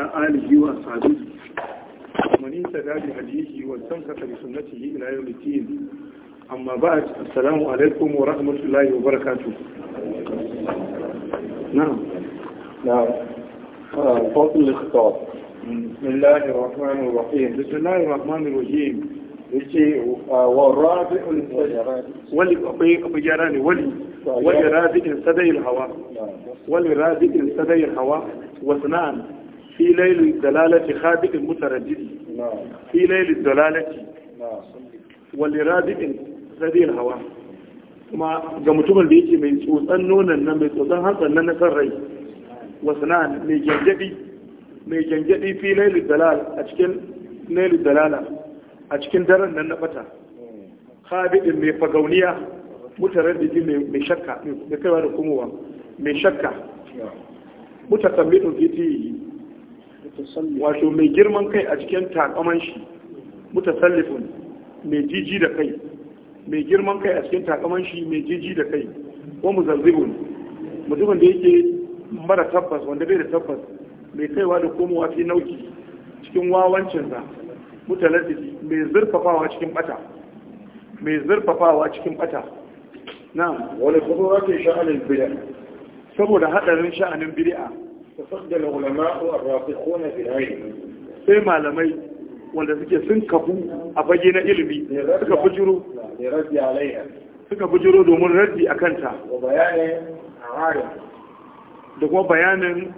آله وأصحابه ومن اهتدى بهديه واستمسك بسنته إلى يوم الدين أما بعد السلام عليكم ورحمة الله وبركاته نعم نعم آه، فصل الاخطاب بسم الله الرحمن الرحيم بسم الله الرحمن الرحيم yace wa rabi'ul wali akwai abujara ne wali wali rabi'in sadai hawa wali fi lailin dalalati khadiqin mutarajjidi fi lailin dalalati wal radin radil hawa ga mutumin da yake mai tsotsan nonon nan mai tsotsan hantsan na na mai gyangyaɗi mai gyangyaɗi fi lailin dalal a cikin lailin dalala a cikin daren nan na bata khabidin mai mai shakka da wato mai girman kai a cikin takaman shi mutasallifun mai jiji da kai mai girman kai a cikin takaman shi mai jiji da kai wa muzazzibun mutumin da yake mara tabbas wanda bai da tabbas mai kaiwa da komowa fi nauki cikin wawancin sa mutaladdi mai zurfafawa cikin bata mai zurfafawa cikin bata na'am wala kuma rakin sha'anin bid'a saboda hadarin sha'anin bid'a tafaddal العلماء الرافقون في fil ilm sai malamai wanda suke sun kafu a fage na ilimi suka bujuro suka bujuro domin raddi a kanta da kuma bayanin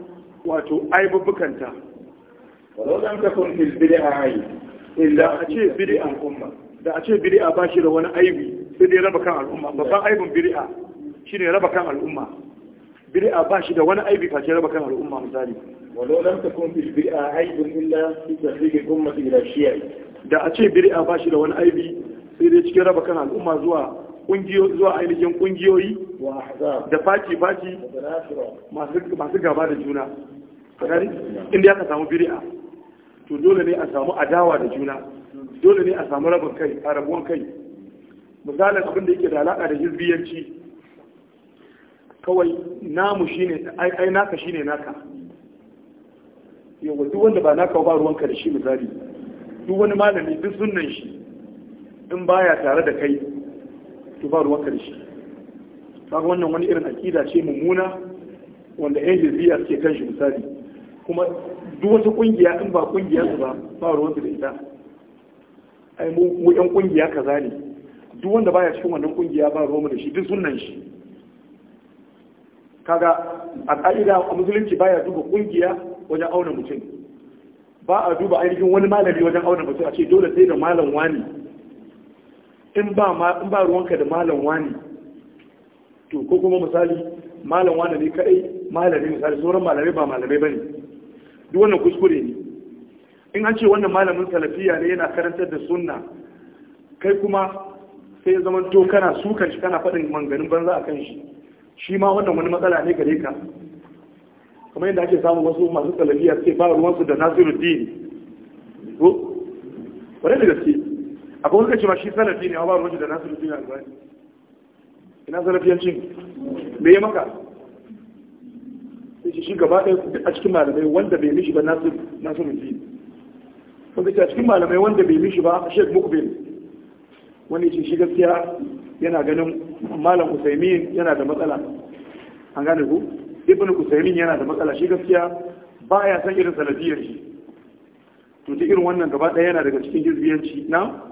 wato aibubukanta walau dan kun fil bid'a ai illa a ce bid'a umma da a ce bid'a ba shi da wani aibi sai dai raba kan al'umma babban aibin bid'a shine raba kan al'umma bid'a ba shi da wani aibi face raba kan al'umma misali walau lam takun fi bid'a aibun illa fi tahrij al ila shi'a da a ce bid'a ba shi da wani aibi sai dai cikin raba kan al'umma zuwa kungiyo zuwa ainihin kungiyoyi da faci faci masu masu gaba da juna kadari inda aka samu bid'a to dole ne a samu adawa da juna dole ne a samu rabin kai a rabuwan kai misalin abin da yake da alaka da hizbiyanci kawai namu shine ai naka shine naka yawa duk wanda ba naka ba ruwanka da shi misali duk wani malami duk sunnan shi in baya tare da kai to ba ruwanka da shi kaga wannan wani irin akida ce mummuna wanda yan hizbiya suke kan shi misali kuma duk wata kungiya in ba su ba ba ruwanka da ita ai mu yan kungiya kaza ne duk wanda baya cikin wannan kungiya ba ruwanmu da shi duk sunnan shi kaga a ƙa'ida, a musulunci baya duba kungiya wajen auna mutum ba a duba ainihin wani malami wajen auna mutum a ce dole sai da malam wani in ba ruwanka da malam wani to ko kuma misali malam wani ne kadai malami misali sauran malamai ba malamai bane duk wannan kuskure ne in an ce wannan malamin salafiya ne yana karantar da sunna kai kuma sai ya zama to kana sukan shi kana faɗin manganin banza a kan shi shi ma wannan wani matsala ne gare ka kuma yadda ake samun wasu masu salafiya suke ba ruwansu da nasiru dini ko wani da gaske akwai wani kace ma shi salafi ne a ba ruwansu da nasiru dini albani ina salafiyancin me ya maka sai shi gaba ɗaya a cikin malamai wanda bai mishi ba nasiru dini wanda ce a cikin malamai wanda bai mishi ba shek mukbil wani ce shi gaskiya yana ganin malam usaimin yana da matsala an gane ku ibn usaimin yana da matsala shi gaskiya ba ya san irin sanadiyar shi to duk irin wannan gaba ɗaya yana daga cikin hizbiyanci na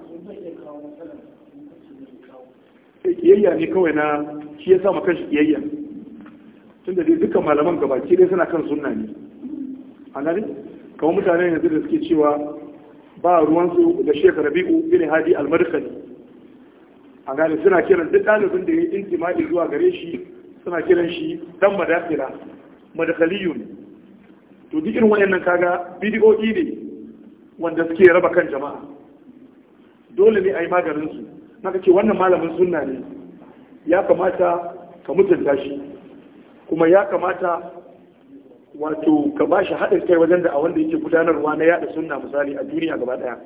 eh, kiyayya ne kawai na shi ya sa makan shi kiyayya tun da dai dukkan malaman gaba ke dai suna kan sunna ne an gane kamar mutane yanzu da suke cewa ba ruwansu da shekara biyu bin hadi al a gane suna kiran duk ɗalibin da ya yi intimaɗi zuwa gare shi suna kiran shi dan madafila ne. to duk irin wayannan kaga bidiyoyi ne wanda suke raba kan jama'a dole ne a yi maganin su Na ce wannan malamin sunna ne ya kamata ka mutunta shi kuma ya kamata wato ka ba shi haɗin kai wajen da a wanda yake gudanarwa na yaɗa sunna misali a duniya gaba ɗaya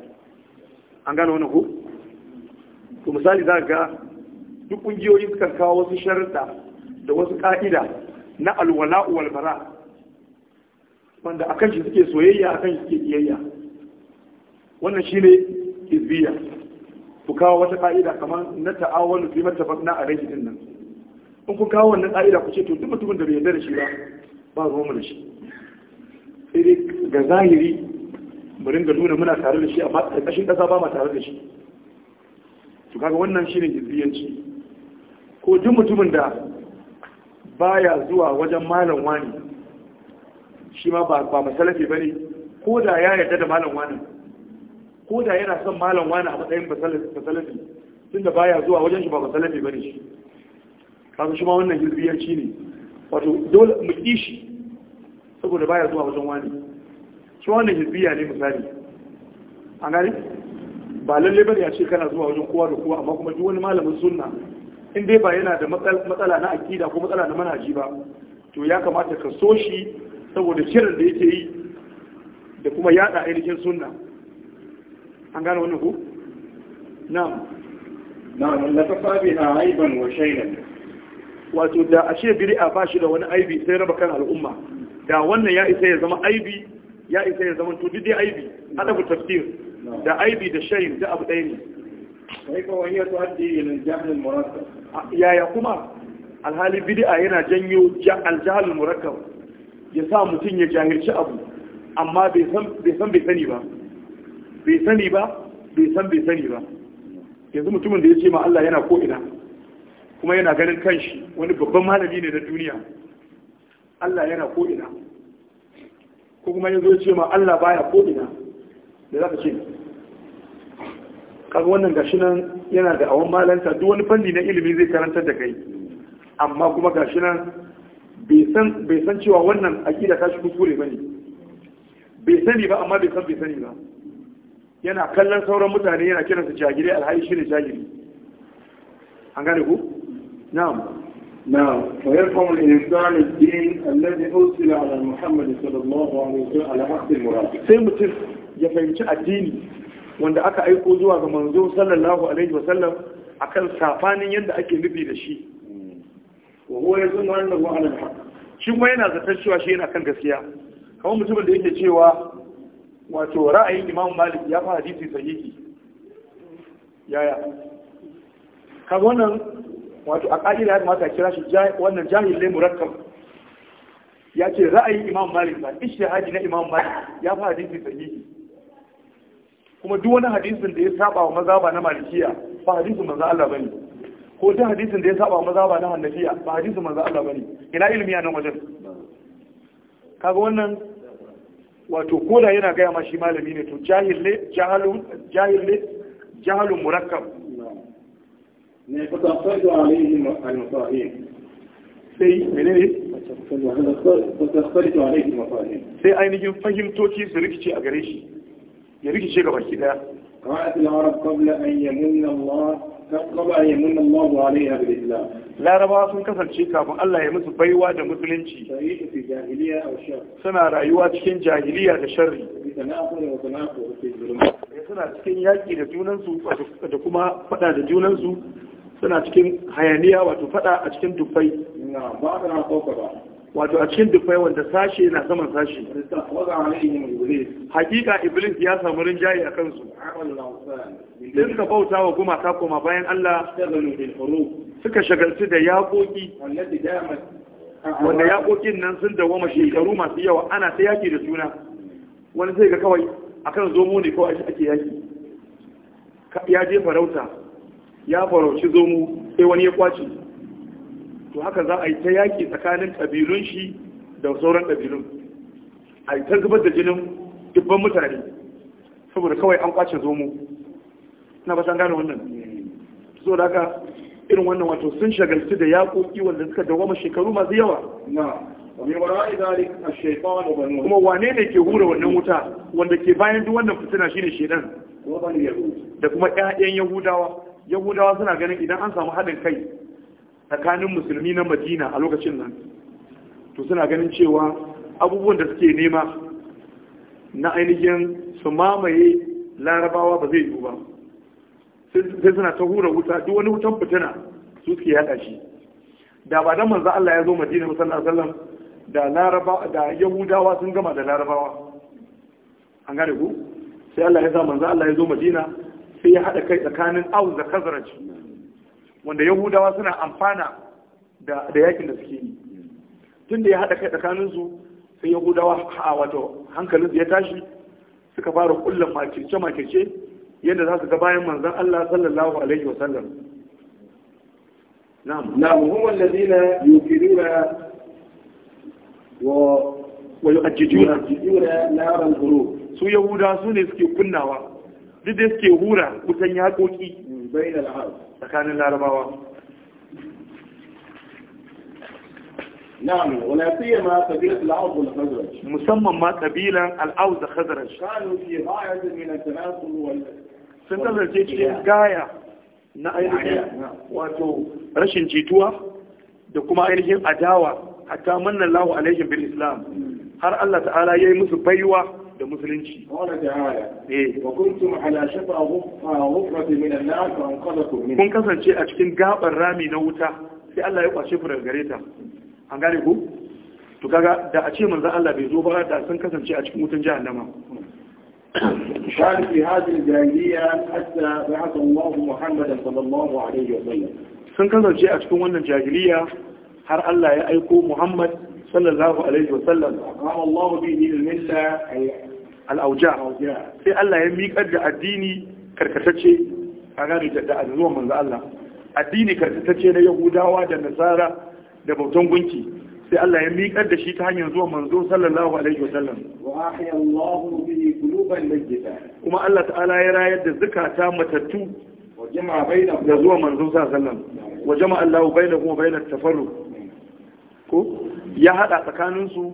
an gane wani ko to misali za ga duk kungiyoyi suka kawo wasu sharuɗa da wasu ka'ida na alwala wal bara wanda akan shi suke soyayya akan shi suke kiyayya wannan shine izbiya ku kawo wata ka'ida kamar na ta'awwalu fi mattafaq na a din nan in ku kawo wannan ka'ida ku ce to duk mutumin da bai yarda da shi ba ba ruwan mu da shi sai dai ga zahiri mu ringa nuna muna tare da shi amma ƙarƙashin ƙasa ba ma tare da shi to kaga wannan shine hizbiyanci ko duk mutumin da baya zuwa wajen malam wani shi ma ba ba masalafi bane ko da ya yarda da malam wani ko da yana son malam wani a matsayin masalafi tunda baya zuwa wajen shi ba masalafi bane shi kaga shi ma wannan hizbiyanci ne wato dole mu ki shi saboda baya zuwa wajen wani shi wannan hizbiya ne misali an gani ba lalle bane a ce kana zuwa wajen kowa da kowa amma kuma duk wani malamin sunna in dai ba yana da matsala na akida ko matsala na manhaji ba to ya kamata ka so shi saboda kiran da yake yi da kuma yada ainihin sunna an gane wannan ku na'am na'am la kafa na aiban wa shaylan wato da ashe bid'a ba shi da wani aibi sai raba kan al'umma da wannan ya isa ya zama aibi ya isa ya zama to dai aibi hada ku tafsir da aibi da shayin da abu ɗaya ne kai kawai ya tuaddi ila jahl murakkab yaya kuma alhali bid'a yana janyo al-jahl murakkab ya sa mutum ya jahilci abu amma bai san bai sani ba bai sani ba bai san bai sani ba yanzu mutumin da ya ce ma Allah yana ko ina kuma yana ganin kanshi wani babban malami ne na duniya Allah yana ko ina ko kuma yanzu ya ce ma Allah baya ko ina da za ka ce kaga wannan gashi nan yana da awon malanta duk wani fanni na ilimi zai karantar da kai amma kuma gashi nan bai san cewa wannan akida ta shi kuskure ne, bai sani ba amma bai san bai sani ba yana kallon sauran mutane yana kiran su jagire alhaji shi ne jagire an gane ku na'am na'am fa yarqam al-insan ad-din alladhi ursila ala muhammad sallallahu alaihi wa sallam ala haqqi murad sai mutum ya fahimci addini wanda aka aiko zuwa ga manzo sallallahu alaihi wasallam akan safanin yadda ake nufi da shi wa huwa yazunnu annahu ala al haka. shi kuma yana zaton cewa shi yana kan gaskiya kamar mutumin da yake cewa wato ra'ayin Imam Malik ya fa hadisi sahihi yaya ka wannan wato a ƙa'ida ya mata kira shi wannan jahil ne murakkab ya ce ra'ayin Imam Malik ba ishtihadi na Imam Malik ya fa hadisi sahihi kuma duk wani hadisin da ya saba wa ba na malikiya ba hadisin manzo Allah bane ko duk hadisin da ya saba wa ba na hanafiya ba hadisin manzo Allah bane ina ilimi a nan wajen kaga wannan wato koda yana gaya ma shi malami ne to jahil ne jahalun jahil ne jahalun murakkab ne fa tafadu alaihim al-mutahin sai menene fa tafadu alaihim al-mutahin sai ainihin fahimtoci su rikice a gare shi ya rikice ga baki daya قالت العرب قبل أن يمن الله قبل أن يمن الله عليها بالإسلام larabawa sun kasance kafin Allah ya musu baiwa da musulunci suna rayuwa cikin jahiliya da sharri eh, suna cikin yaƙi da junansu da kuma faɗa da junansu suna cikin hayaniya wato faɗa a cikin Ba na ba. wato a cikin dufai wanda sashe na saman sashe hakika iblis ya samu rinjaye a kansu da suka bauta wa gumaka koma bayan Allah suka shagalci da yaƙoƙi wanda yaƙoƙin nan sun dawama shekaru masu yawa ana ta yaƙi da juna wani sai ga kawai akan zomo ne kawai ake yaƙi ya je farauta ya farauci zomo sai wani ya kwace to haka za a yi ta yaƙi tsakanin ƙabilun shi da sauran ƙabilun a yi ta zubar da jinin dubban mutane saboda kawai an kwace zomo na ba gane wannan so da haka irin wannan wato sun shagaltu da yaƙoƙi wanda suka dawama shekaru masu yawa kuma wane ne ke hura wannan wuta wanda ke bayan duk wannan fitina shine shedan da kuma ƴaƴan yahudawa yahudawa suna ganin idan an samu haɗin kai tsakanin musulmi na madina a lokacin nan to suna ganin cewa abubuwan da suke nema na ainihin su mamaye larabawa ba zai yiwu ba sai suna ta hura wuta duk wani wutan fitina su suke yada shi da ba dan manzo Allah ya zo madina musallar sallam, da laraba da yahudawa sun gama da larabawa an gane ku sai Allah ya sa manzo Allah ya zo madina sai ya hada kai tsakanin aus da wanda yahudawa suna amfana da yakin da suke yi tun da ya haɗa kai tsakaninsu sai yahudawa a wato hankalin su ya tashi suka fara kullum makirce-makirce yadda za su ga bayan manzan Allah sallallahu alaihi wa sallam na'am na'am huwa allazina yukiruna wa wa yu'ajjijuna yukiruna naran guru su yahuda su ne suke kunnawa duk da suke hura kusan yaƙoƙi mm, bainal arab tsakanin larabawa Na'am, wala ma نعم ولا wal khazraj. Musamman ma مسمى ما قبيلة الأوز والخزرج كانوا في غاية من التناسل وال sun kasance cikin gaya na ainihin wato rashin jituwa da kuma ainihin adawa hatta manna lahu alaihim bil islam har Allah ta'ala yayi musu baiwa da musulunci eh wa kuntum ala shafa ghufratin min an fa anqadhakum min kun kasance a cikin gabar rami na wuta sai Allah ya kwace ku daga gare ta an gane ku to kaga da a ce manzon Allah bai zo ba da sun kasance a cikin wutan jahannama كان sun kasance a cikin wannan jahiliya har Allah ya aiko Muhammad sallallahu alaihi wasallam Allah bihi al-milla al-awja sai Allah ya miƙar da addini karkatacce a gane da azuwan manzo addini karkatacce na Yahudawa da Nasara da bautan gunki sai Allah ya miƙar da shi ta hanyar zuwa manzo sallallahu alaihi wasallam wa ahya Allahu bihi quluban mayyita kuma Allah ta'ala ya rayar da zakata matattu wa jama'a bainahum da zuwa manzo wa jama'a ko ya hada tsakaninsu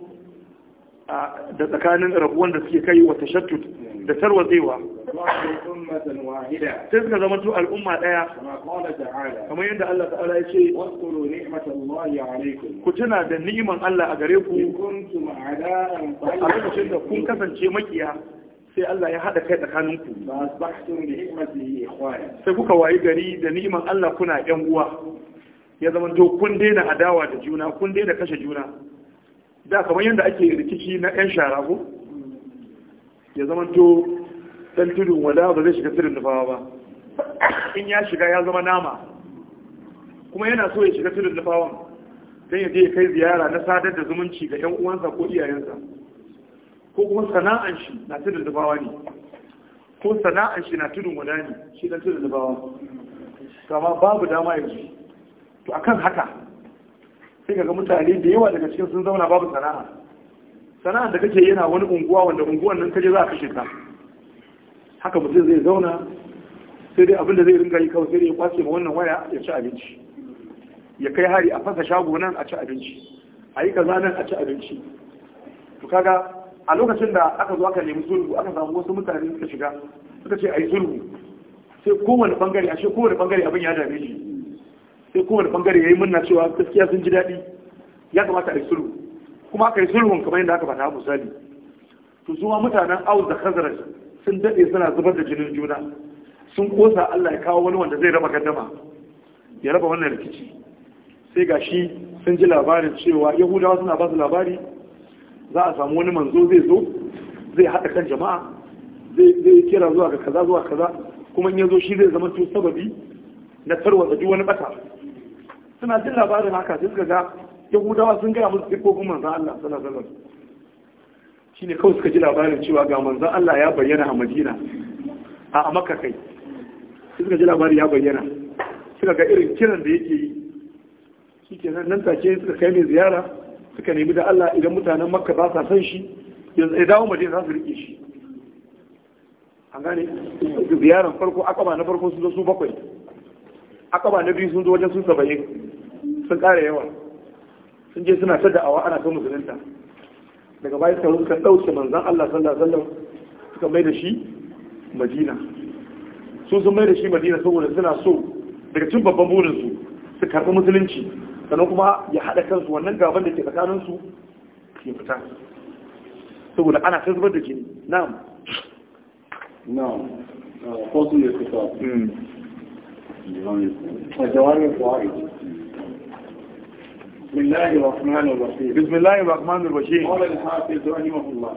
da tsakanin rabuwan da suke kai wa tashattut da tarwatsewa sai suka zama to al'umma daya kamar yadda Allah ta'ala ya ce ku tuna da ni'iman Allah a gare ku a lokacin da kun kasance makiya sai Allah ya haɗa kai tsakaninku sai kuka wayi gari da ni'iman Allah kuna yan uwa ya zama to kun daina adawa da juna kun daina kashe juna da kamar yadda ake rikici na yan shara ko ya zama to dan tudun wada ba zai shiga tudun nufawa ba in ya shiga ya zama nama kuma yana so ya shiga tudun nufawan don ya je kai ziyara na sadar da zumunci ga yan uwansa ko iyayensa ko kuma sana'an shi na tudun nufawa ne ko sana'an shi na tudun wada ne shi dan tudun nufawa kama babu dama yanzu to akan haka sai kaga mutane da yawa daga cikin sun zauna babu sana'a sana'a da kake yana wani unguwa wanda unguwan nan kaje za ka kashe ta. haka mutum zai zauna sai dai abinda zai ringa yi kawai sai dai ya kwace ma wannan waya ya ci abinci ya kai hari a fasa shago nan a ci abinci a yi kaza nan a ci abinci to kaga a lokacin da aka zo aka nemi sulhu aka samu wasu mutane suka shiga suka ce a yi sulhu sai kowane bangare ashe kowane bangare abin ya dame shi sai kowane bangare yayi murna cewa gaskiya sun ji daɗi ya kamata a yi sulhu kuma aka yi sulhun kamar yadda aka faɗa misali to zuwa mutanen aus da khazraj sun daɗe suna zubar da jinin juna sun kosa Allah ya kawo wani wanda zai raba gaddama ya raba wannan rikici sai ga shi sun ji labarin cewa yahudawa suna ba su labari za a samu wani manzo zai zo zai haɗa kan jama'a zai kira zuwa ga kaza zuwa kaza kuma in ya zo shi zai zama to sababi na tarwatsa duk wani bata suna jin labarin haka sai suka ga yahudawa sun gaya musu siffofin manzan Allah sallallahu alaihi shi ne kawai suka ji labarin cewa ga manzan Allah ya bayyana a Madina a Makka kai sai suka ji labarin ya bayyana suka ga irin kiran da yake yi ke nan take suka kai mai ziyara suka nemi da Allah idan mutanen Makka ba sa san shi yanzu ya dawo Madina za su rike shi an gane ziyaran farko akaba na farko sun zo su bakwai akaba na biyu sun zo wajen sun saba'in sun ƙara yawa sun je suna ta da'awa ana son musulunta daga baya suka suka ɗauke manzan Allah sallallahu alaihi wasallam suka mai da shi Madina su sun mai da shi Madina saboda suna so daga cin babban burin su su karɓi musulunci sannan kuma ya haɗa kansu wannan gaban da ke tsakanin su ya fita saboda ana ta zubar da jini na'am na'am su ne su الفوائد بسم الله الرحمن الرحيم بسم الله الرحمن الرحيم قال الحافظ رحمه الله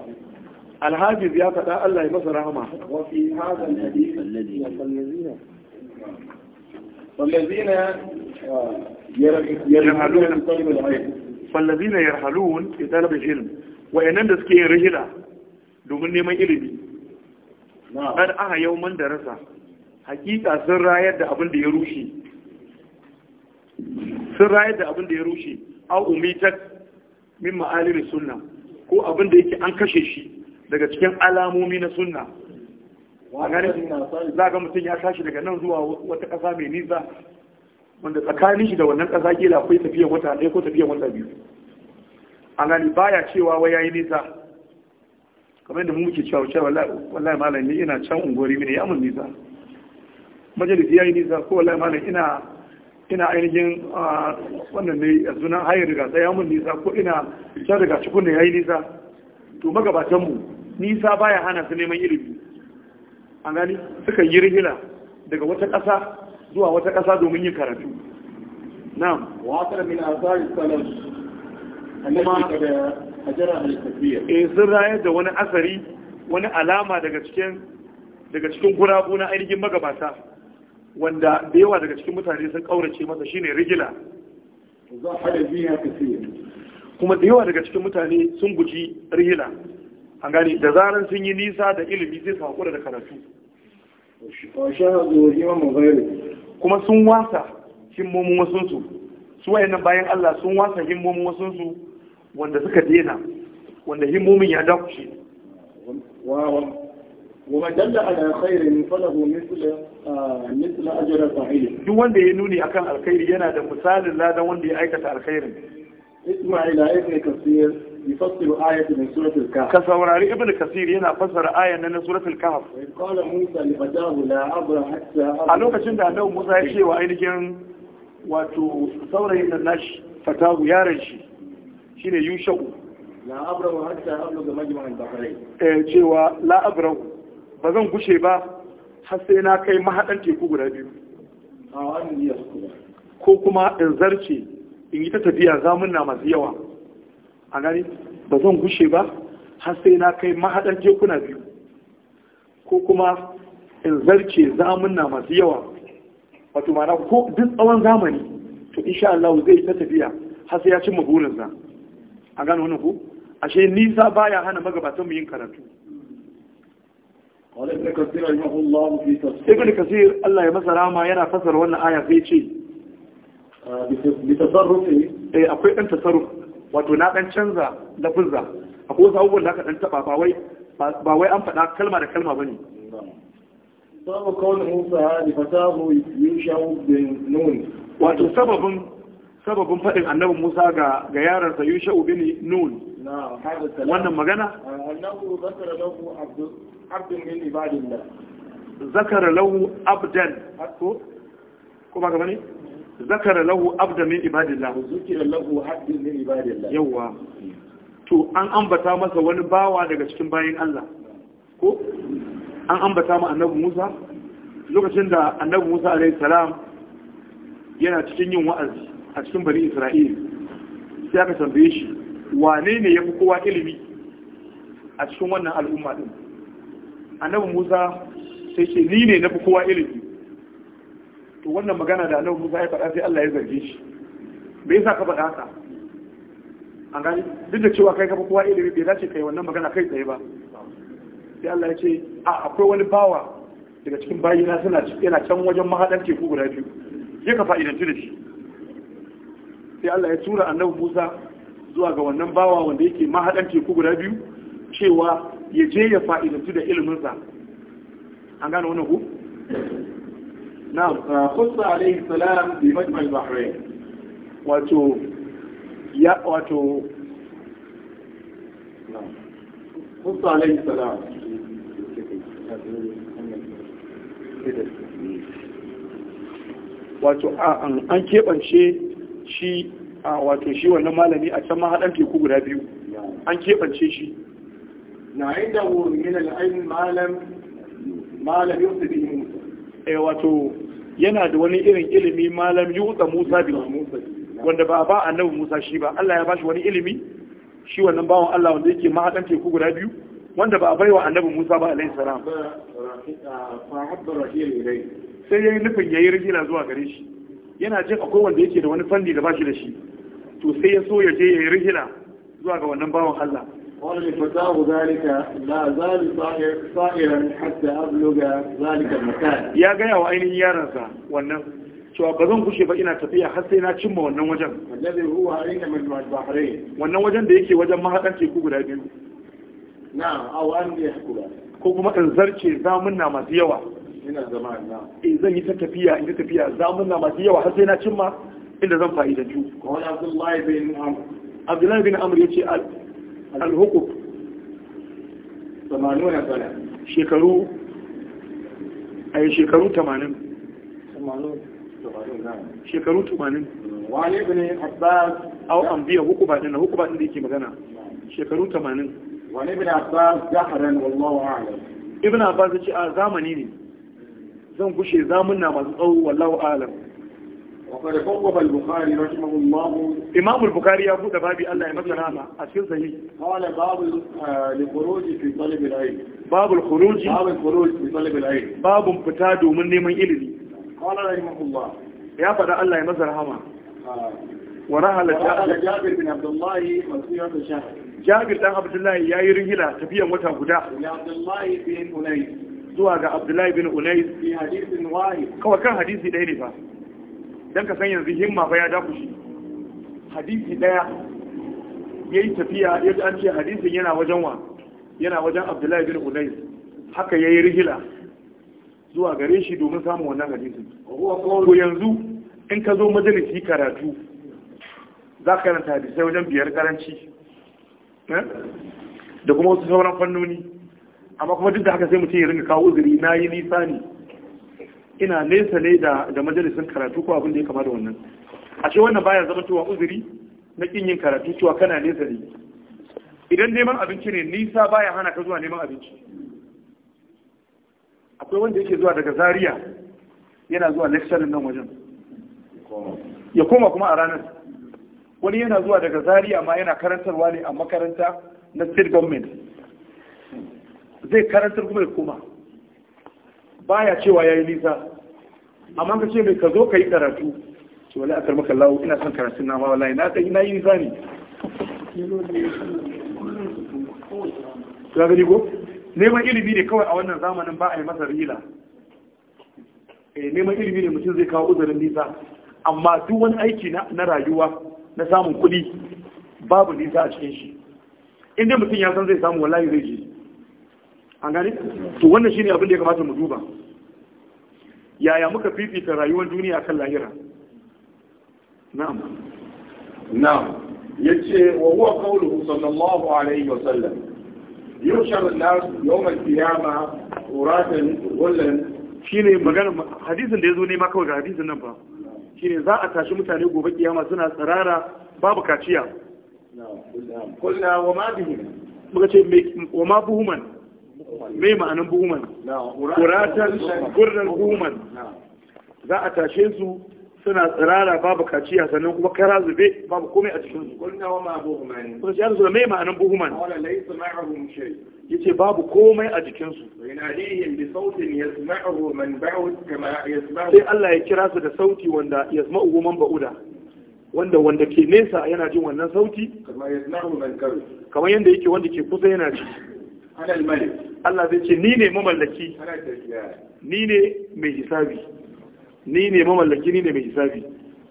الحافظ يا فتى الله يبصر رحمه وفي هذا الحديث فالذين والذين آه، يرحلون العلم فالذين يرحلون لطلب العلم وإنهم دسكي رجلا domin neman ilimi نعم aha اه man درسها. hakika sun rayar da abin da ya rushe sun rayar da abin da ya rushe au umitat min ma'alimi sunna ko abin da yake an kashe shi daga cikin alamomi na sunna za ga mutum ya tashi daga nan zuwa wata ƙasa mai nisa wanda tsakanin shi da wannan ƙasa kila akwai tafiyar wata ɗaya ko tafiyar wata biyu a gani baya cewa wai yayi nisa kamar da mu muke cewa wallahi malam ni ina can ungori mini ya mun nisa majalisi ya yi nisa ko wallahi malam ina ina ainihin wannan ne a sunan hayar riga sai mun nisa ko ina can riga cikin da ya yi nisa to magabatanmu nisa baya hana su neman ilimi A gani suka yi rihila daga wata ƙasa zuwa wata ƙasa domin yin karatu na'am wa asar min azari salam annabi da ajara al tafiya eh sun rayar da wani asari wani alama daga cikin daga cikin gurabu na ainihin magabata wanda da yawa daga cikin mutane sun kaurace masa shine rigila kuma da yawa daga cikin mutane sun guji rigila an gani da zaran sun yi nisa da ilimi zai su hakura da karatu kuma sun wasa himmomin wasunsu su wayannan bayan Allah sun wasa himmomin wasunsu wanda suka dena wanda himmomin ya dakushe ومن دل على خير فله مثل مثل اجر duk wanda ya nuni akan alkhairi yana da misalin ladan wanda ya aikata alkhairin isma ila ibn kasir yufassiru ayatan min suratul kahf ka saurari ibn kasir yana fassara ayan nan na suratul kahf qala musa li fatahu la abra hatta a lokacin da annabi musa ya ce wa ainihin wato saurayin nan nashi fatahu yaron shi shine yushau la abra hatta abluga cewa la ba zan gushe ba har sai na kai mahaɗan teku guda biyu ko kuma in zarce in yi ta tafiya zamunna masu yawa a gani ba zan gushe ba har sai na kai mahaɗan tekuna biyu ko kuma in zarce zamunna masu yawa wato mana ko duk tsawon zamani to insha Allah zai ta tafiya har sai ya cimma burinsa a gani wani ku ashe nisa baya hana magabatan mu yin karatu ibn kasir Allah ya masa rama yana fasar wannan aya sai ce eh akwai dan tasarruf wato na ɗan canza lafuzza akwai wasu abubuwan da aka dan taba ba wai ba wai an faɗa kalma da kalma ba ne. sabu kawai musa da yin yushaw bin nun wato sababin sababin faɗin annabin Musa ga ga yaran sa Yusha bin Nun wannan magana eh, annahu zakara lahu abdun min ibadillah zakara lahu abdan ko kuma ga bane zakara lahu abdan min ibadillah zikira lahu abdan min ibadillah yawa to an ambata masa wani bawa daga cikin bayin Allah ko an ambata ma annabi Musa lokacin da annabi Musa alayhi salam yana cikin yin wa'azi a cikin bari isra'il sai aka tambaye shi wane ne ya fi kowa ilimi a cikin wannan al'umma din annabi musa sai ce ni ne na fi kowa ilimi to wannan magana da annabi musa ya faɗa sai allah ya zarge shi me yasa ka faɗa haka an gani duk da cewa kai ka fi kowa ilimi bai dace kai wannan magana kai tsaye ba sai allah ya ce a akwai wani bawa daga cikin bayina suna yana can wajen mahaɗar teku guda biyu je ka fa'idanci da shi sai Allah ya tura annabi Musa zuwa ga wannan bawa wanda yake mahadan teku guda biyu cewa ya je ya fa'idantu da iliminsa an gane wannan ku Na uh, khussa alaihi salam bi majma'il bahrain wato ya wato khussa alaihi salam wato an keɓance shi a wato shi wannan malami a can mahaɗan teku guda biyu an keɓance shi na inda da al'ayin malam malam yusuf bin A wato yana da wani irin ilimi malam yusuf musa bin wanda ba ba annabi musa shi ba Allah ya bashi wani ilimi shi wannan bawan Allah wanda yake mahaɗan teku guda biyu wanda ba a baiwa annabi musa ba alaihi salam sai yayi nufin yayi rigila zuwa gare shi yana jin akwai wanda yake da wani fanni da ba shi da shi to sai ya so ya je ya yi rihila zuwa ga wannan bawan Allah wani fatahu zalika la zali sa'iran hatta abluga zalika makan ya gaya wa ainihin yaransa wannan cewa ba zan kushe ba ina tafiya har sai na cimma wannan wajen alladhi huwa a min al-bahrain wannan wajen da yake wajen mahadan teku guda biyu na'am aw an yahkula ko kuma in zarce zamunna masu yawa in eh, zan yi ta tafiya in ta tafiya zamun na masu yawa har sai na cimma inda zan fa'idantu da abdullahi bin amr abdullahi bin amr yace al na shekaru ay shekaru 80 shekaru 80 wani ibn abbas aw anbiya hukuba din hukuba din da yake magana shekaru 80 wani ibn abbas dahran wallahu a'lam ibn abbas ce a zamani ne zan gushe zamunna masu tsawo wa lau'alam. wakar kogwa bal bukari na shi mahu mahu imamul bukari ya buɗe babi allah ya masa rana a cikin sahi kawale babu likuroji babu likuroji babu likuroji fi babu fita domin neman ilimi ya faɗa allah ya masa rahama wa rahala jabir bin abdullahi masu yi wata jabir ɗan abdullahi ya yi rihila tafiyan wata guda ya abdullahi bin ulayi zuwa ga abdullahi bin unais kawai kan hadisi ɗaya ne fa don ka san yanzu himma fa ya shi. hadisi ɗaya ya yi tafiya ya an ce hadisin yana wajen wa yana wajen abdullahi bin unais haka ya yi rigila zuwa gare shi domin samun wannan hadisin Ko yanzu in ka zo majalisi karatu za ka karanta hadisai wajen biyar karanci eh? da kuma wasu sauran fannoni amma kuma duk da haka sai mutum ya ringa kawo uzuri na yi nisa ne ina nesa ne da majalisun karatu ko abin da ya kama da wannan a ce wannan baya zama cewa uzuri na kin yin karatu cewa kana nesa ne idan neman abinci ne nisa baya hana ka zuwa neman abinci akwai wanda yake zuwa daga zaria yana zuwa lecturing nan wajen ya koma kuma a ranar wani yana zuwa daga zaria amma yana karantarwa ne a makaranta na state government zai karantar kuma ya koma ya cewa ya yi nisa amma ka ce mai ka zo ka yi karatu ce wani akar maka lawo ina son karatun na mawa layi na yi na yi nisa ne ya gani ko neman ilimi ne kawai a wannan zamanin ba a yi masa rila eh, neman ilimi ne mutum zai kawo uzurin nisa amma duk wani aiki na rayuwa na samun kuɗi babu nisa a cikin shi inda mutum ya san zai samu wallahi zai je an gane to wannan shine abin da ya kamata mu duba yaya muka fifita rayuwar duniya kan lahira na'am na'am yace wa huwa qawluhu sallallahu alaihi wa sallam yushar an-nas yawm al-qiyama uratan wallan shine magana hadisin da yazo ne ma kawai ga hadisin nan ba shine za a tashi mutane gobe kiyama suna tsarara babu kaciya kullu wa ma bihim muka ce wa ma buhuman me ma'anin buhuman kuratan gurnan buhuman za a tashe su suna tsirara babu kaciya sannan kuma kara zube babu komai a cikin su gurna wa ma buhuman me ma'anin buhuman yace babu komai a jikin su yanadihim bi sautin yasma'uhu man ba'ud kama yasma'u sai Allah ya kira su da sauti wanda yasma'uhu man ba'uda wanda wanda ke nesa yana jin wannan sauti kamar yadda yake wanda ke kusa yana ji Allah zai ce ni ne mamallaki ni ne mai hisabi ni ne mamallaki ni ne mai hisabi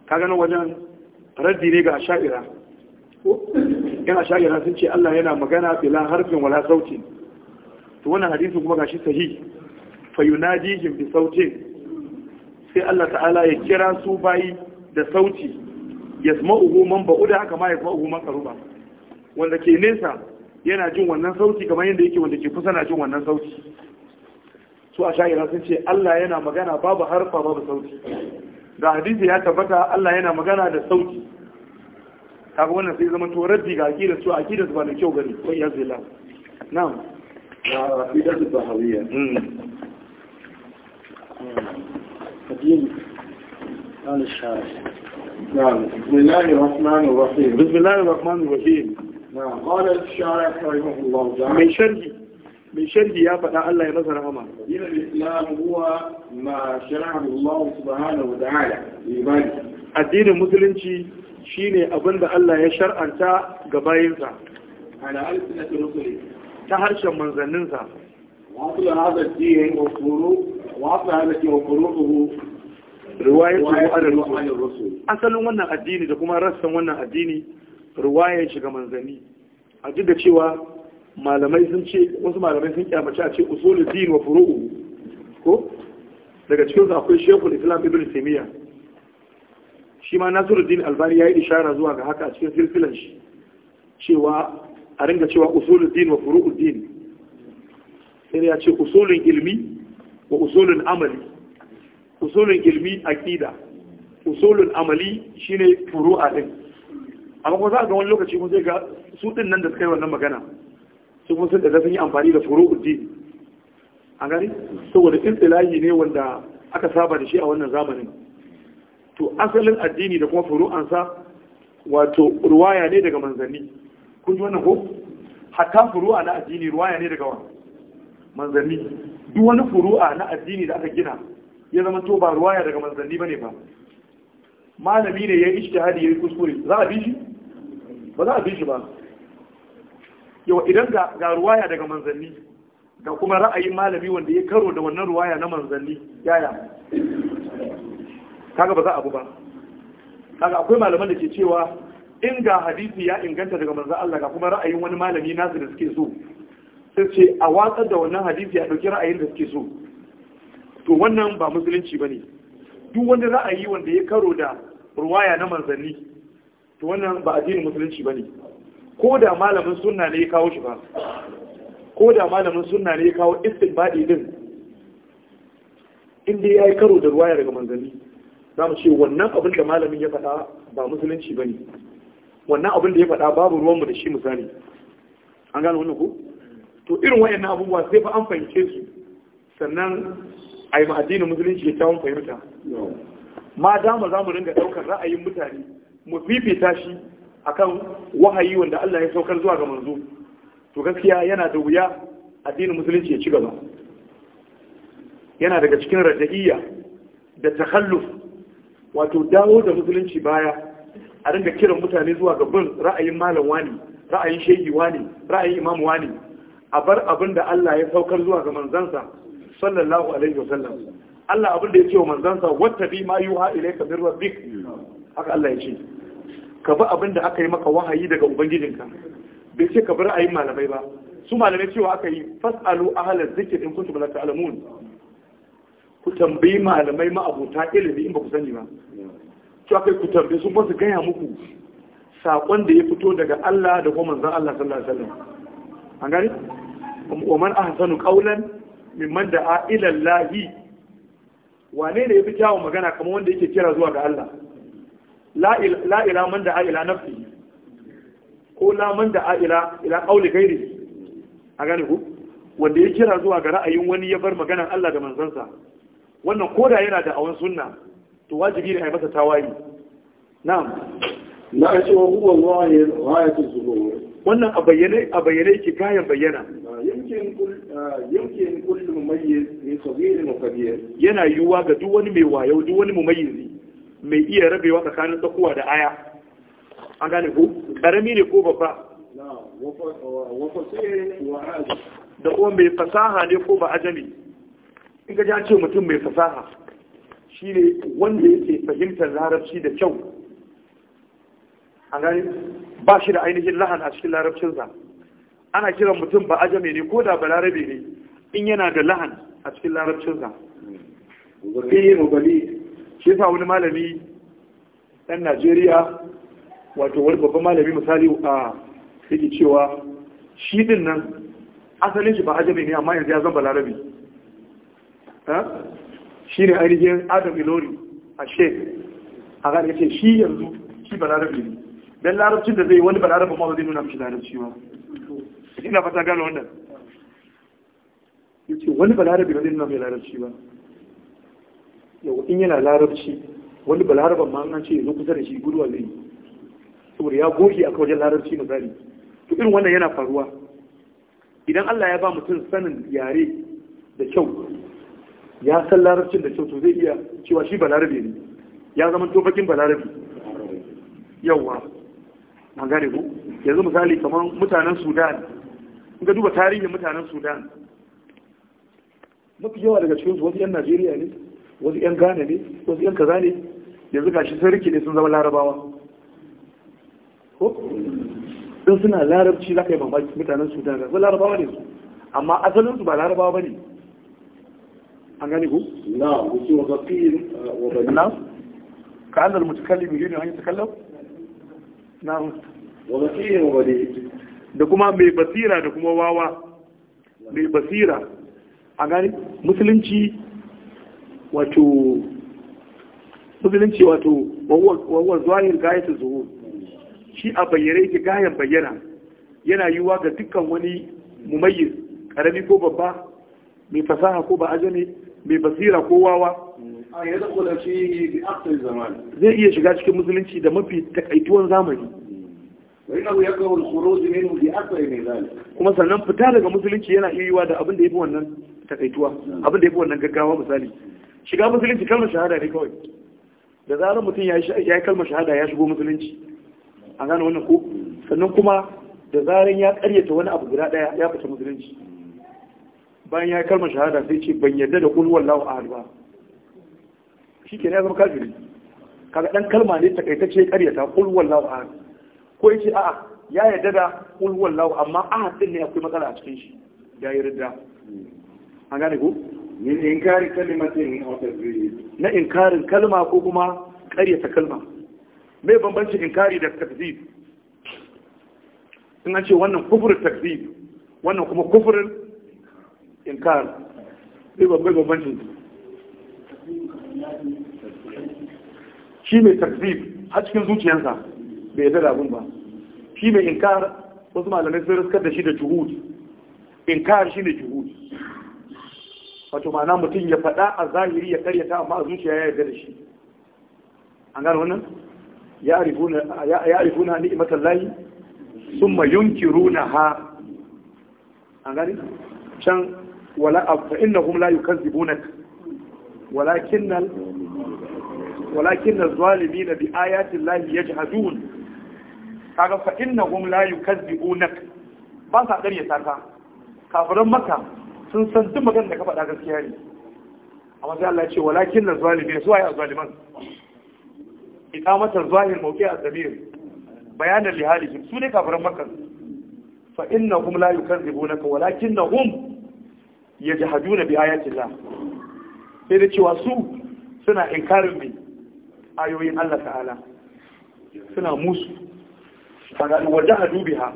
ka gano wajen raddi ne ga sha'ira yana sha'ira sun ce Allah yana magana bila harfin wala sautin to wannan hadisi kuma gashi sahih fa yunadihim bi sautin sai Allah ta'ala ya kira su bayi da sauti yasma'uhu man ba'uda haka ma yasma'uhu man qaruba wanda ke nesa yana jin wannan sauti kamar yadda yake wanda ke kusa na jin wannan sauti su a sha'ira sun ce Allah yana magana babu harfa babu sauti da hadisi ya tabbata Allah yana magana da sauti kaga wannan sai zama to raddi ga akidar su akidar su ba da kyau gani ko ya zila hmm. na'am akidar su bahawiyya قديم قال الشارع نعم بسم الله الرحمن الرحيم بسم الله الرحمن الرحيم mai sharhi ya faɗa Allah ya masa rahama ma addinin musulunci shine abin da Allah ya shar'anta ga bayinsa ala alsinati ta harshen manzanninsa wa kullu hadha ad asalin wannan addini da kuma rassan wannan addini Ruwayen shiga manzanni a duk da cewa malamai sun ce wasu malamai sun kyamace a ce usulul din wa furu'u ko daga cikin su akwai shekul islam ibn taymiya shi ma nasiruddin albani ya yi ishara zuwa ga haka a cikin silsilan shi cewa a ringa cewa usulul din wa furu'ul din sai ya ce usulun ilmi wa usulun amali usulun ilmi aqida usulun amali shine furu'a din amma kuma za a ga wani lokaci kuma zai ga su din nan da suka yi wannan magana su mun sun da sun yi amfani da furo uddi A gani saboda istilahi ne wanda aka saba da shi a wannan zamanin to asalin addini da kuma furu'ansa wato ruwaya ne daga manzanni kun ji wannan ko hatta furu'a na addini ruwaya ne daga manzanni duk wani furu'a na addini da aka gina ya zama to ba ruwaya daga manzanni bane ba malami ne ya yi ishtihadi ya yi kuskure za a bi shi ba za a bi ba Yau, idan ga ruwaya daga manzanni ga kuma ra'ayin malami wanda ya karo da wannan ruwaya na manzanni yaya kaga ba za a bu ba kaga akwai malaman da ke cewa in ga hadisi ya inganta daga manzan Allah ga kuma ra'ayin wani malami nasu da suke so sai ce a watsar da wannan hadisi ya dauki ra'ayin da suke so to wannan ba musulunci ne. duk wani ra'ayi wanda ya karo da ruwaya na manzanni to wannan ba addinin musulunci ba ne ko da malamin sunna ne ya kawo shi ba ko da malamin sunna ne ya kawo istibadi din inda ya yi karo da ruwaya daga manzanni za mu ce wannan abin da malamin ya faɗa ba musulunci ba ne wannan abin da ya faɗa babu ruwanmu da shi misali an gano wannan ko to irin wayannan abubuwa sai fa an fahimce su sannan a yi addinin musulunci ya kyawun fahimta ma dama za mu ringa ɗaukar ra'ayin mutane mu fifita shi akan wahayi wanda Allah ya saukar zuwa ga manzo to gaskiya yana da wuya addinin musulunci ya ci gaba yana daga cikin rada'iyya da takalluf wato dawo da musulunci baya a ringa kiran mutane zuwa ga bin ra'ayin malam wani ra'ayin shehi wani ra'ayin imam wani a bar abin da Allah ya saukar zuwa ga manzansa sallallahu alaihi wasallam Allah abin da ya ce wa manzansa wata bi ma yuha ilayka min rabbik haka Allah ya ce ka bi abin da aka yi maka wahayi daga ubangijinka bai ce ka bi ra'ayin malamai ba su malamai cewa aka yi fasalu ahalar zikir in kuntum la ta'lamun ku tambayi malamai ma'abuta ilimi in ba ku sani ba to akai ku tambaye su ba su gaya muku sakon da ya fito daga Allah da kuma manzon Allah sallallahu alaihi wasallam an gani wa man ahsanu qawlan mimman da'a ila Allah wane ne ya fi kyawun magana kamar wanda yake kira zuwa ga Allah la ila man da ila nafsi ko la man da ila ila qauli ghairi a gane ku wanda ya kira zuwa ga ra'ayin wani ya bar maganar Allah da manzansa wannan koda yana da awan sunna to wajibi ne a yi masa tawayi na'am na ce wa huwa wahi ghayatul zuhur wannan a bayyane a bayyane ki kayan bayyana yankin kul ah, yankin kullu mumayyiz bi saghir wa yana yuwa ga duk wani mai wayo duk wani mumayyizi mai iya rabewa tsakanin tsakuwa da aya an gane ku. karami ne ko babba da kuma mai fasaha ne ko ba ajami in ka ji an ce mutum mai fasaha shi ne wanda yake fahimtar larabci da kyau an gane ba shi da ainihin lahan a cikin larabcinsa ana kiran mutum ba ajami ne ko da ba larabe ne in yana da lahan a cikin larabcinsa. shi yasa wani malami ɗan Najeriya wato wani babban malami misali a yake cewa shi din nan asalin shi ba ajabi ne amma yanzu ya zama balarabi shi ne ainihin adam ilori a shek a ga ce shi yanzu shi balarabi ne don larabcin da zai wani balarabin ma ba zai nuna mishi larabci ba ina fata gano wannan ya wani balarabi ba zai nuna mai larabci ba yau in yana larabci wani balaraban ma an ce yanzu kusa da shi guduwa yi saboda ya goge a wajen larabci zari to irin wannan yana faruwa idan Allah ya ba mutum sanin yare da kyau ya san larabcin da kyau to zai iya cewa shi balarabe ne ya zama tofakin balarabe yawwa Na gane ku yanzu misali kamar mutanen sudan in ga duba tarihin mutanen sudan mafi yawa daga cikinsu wasu 'yan najeriya ne wasu yan gane ne wasu yan kaza ne yanzu gashi sun rike ne sun zama larabawa ko don suna larabci za ka yi mamaki mutanen sudan ga larabawa ne su amma asalin su ba larabawa ba ne an gane ku? na wasu wa zafi uh, wa bani na ka an zalmu tukalli mu yiri hanyar kallon na wa zafi wa bani da kuma mai basira da kuma wawa mai basira a gane musulunci wato musulunci wato wawar zahir ta zuwa shi a bayyare yake gayan bayyana yana yiwuwa ga dukkan wani mumayyiz karami ko babba mai fasaha ko ba ajami mai basira ko wawa zai iya shiga cikin musulunci da mafi takaituwan zamani kuma sannan fita daga musulunci yana iya yiwuwa da abin da ya fi wannan takaituwa abin da ya fi wannan gaggawa misali shiga musulunci kalmar shahada ne kawai da zarar mutum ya yi kalmar shahada ya shigo musulunci an gane wannan ko sannan kuma da zarar ya karyata wani abu guda daya ya fita musulunci bayan ya yi kalmar shahada sai ce ban yarda da kun wallahu a ba shi ke ya zama kafiri kaga dan kalma ne takaitacce karyata kul wallahu ahad ko ya ce a'a ya yarda da kul wallahu amma a din ne akwai matsala a cikin shi ya yi ridda an gane ko min inkari kalimatin aw tazwid na inkarin kalma ko kuma karyata kalma me bambancin inkari da takzib in an ce wannan kufurin takzib wannan kuma kufurin inkar me bambancin shi mai takzib a cikin zuciyarsa bai yarda da ba shi mai inkar wasu malamai sun riskar da shi da juhud inkar shi ne juhud wato ma'ana mutum ya faɗa a zahiri ya karyata amma a zuciya ya yarda da shi an gano wannan ya arifuna ni'imatan layi sun ma yunkiruna ha an gani can wala fa innahum la yukazzibunaka walakinnal walakinnal na bi ya llahi yajhadun kaga fa layu kan yukazzibunaka ba sa ƙaryata ka kafin maka sun san duk magana da ka faɗa gaskiya ne amma sai Allah ya ce walakin na zalimin su waye azaliman iqamatar zahir mawqi azamir bayanan lihalihim su ne kafiran makka fa innahum la yukazzibunaka walakinnahum yajhaduna bi ayati Allah sai da cewa su suna inkarin mai ayoyin Allah ta'ala suna musu wadda hadubi ha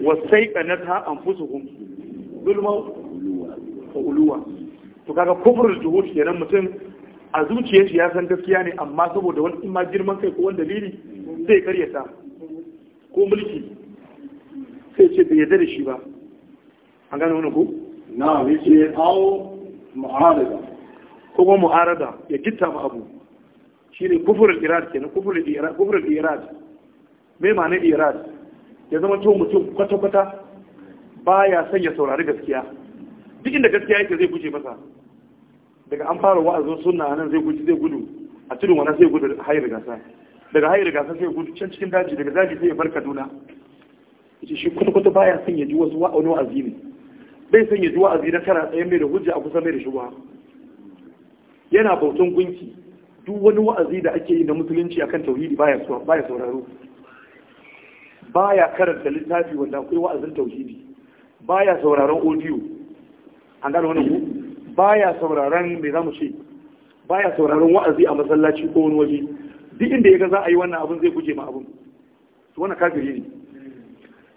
wasai ƙanata an fusu hun wa uluwa to kaga kufur juhud kenan mutum a zuciyarsa ya san gaskiya ne amma saboda wani imma girman kai ko wani dalili zai karyata ko mulki sai ce bai yarda da shi ba an gane wani ko na ce au mu'arada ko kuma mu'arada ya gitta ma abu shine kufrul irad kenan kufrul irad kufrul irad me ma'anar irad ya zama to mutum kwata-kwata baya son ya saurari gaskiya duk inda gaskiya yake zai guje masa daga an fara wa'azin sunna nan zai guje zai gudu a tudun wani sai gudu hayar gasa daga hayar gasa sai gudu can cikin daji daga daji sai ya bar kaduna yace shi kuma kuma baya son ya ji wasu wa'ani wa'azi ne bai son ya ji wa'azi na kara tsaye mai da hujja a kusa mai da shubha yana bautan gunki duk wani wa'azi da ake yi na musulunci akan tauhidi baya baya sauraro baya karanta littafi wanda akwai wa'azin tauhidi baya sauraron audio an gano wani baya sauraron me zamu ce baya sauraron wa'azi a masallaci ko wani waje duk inda ya ga za a yi wannan abun zai guje ma abun to wannan kafiri ne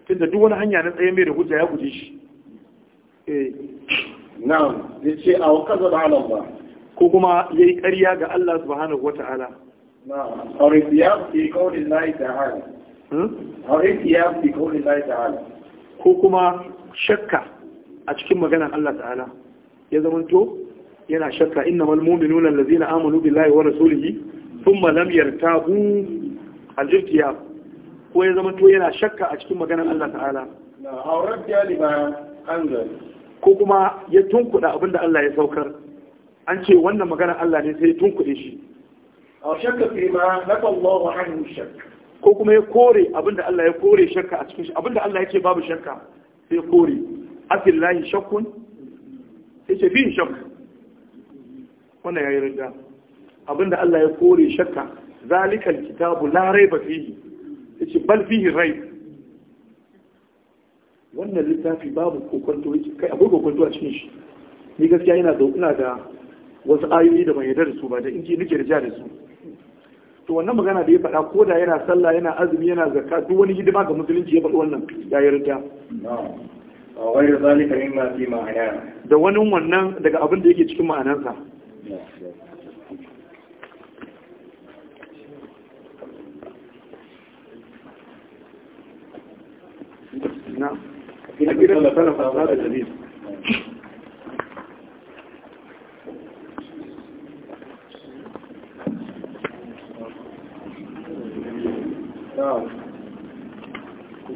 tunda duk wani hanya na tsaye mai da hujja ya guje shi eh na'am yace a wakaza da Allah ko kuma ya yi ƙarya ga Allah subhanahu ta'ala). na'am ya fi qawli Allah ta'ala hmm? auriya fi qawli Allah ta'ala ko kuma shakka a cikin maganar Allah ta'ala ya zamanto yana shakka Inna innamal mu'minuna allazina amanu billahi wa rasulihi thumma lam yartabu al-irtiyab ko ya zamanto yana shakka a cikin maganar Allah ta'ala la awrad jaliba anzal ko kuma ya tunkuda abinda Allah ya saukar an ce wannan maganar Allah ne sai ya tunkude shi aw shakka fi ma laka Allahu anhu shakka ko kuma ya kore abinda Allah ya kore shakka a cikin shi abinda Allah yake babu shakka sai ya kore afillahi shakkun sai ce fi shak wannan yayi rida. abinda Allah ya kore shakka zalikal kitabu la raiba fihi ce bal fihi raib wannan littafi babu kokonto yake kai akwai kokonto a cikin shi ni gaskiya ina da ina da wasu ayoyi da ban yarda da su ba da inji nake rija da su to wannan magana da ya faɗa ko da yana sallah yana azumi yana zakka duk wani hidima ga musulunci ya faɗi wannan ya yarda وغير ذلك مما في معناه ده wannan wannan daga abin da yake cikin ma'anarsa na ina da talafa da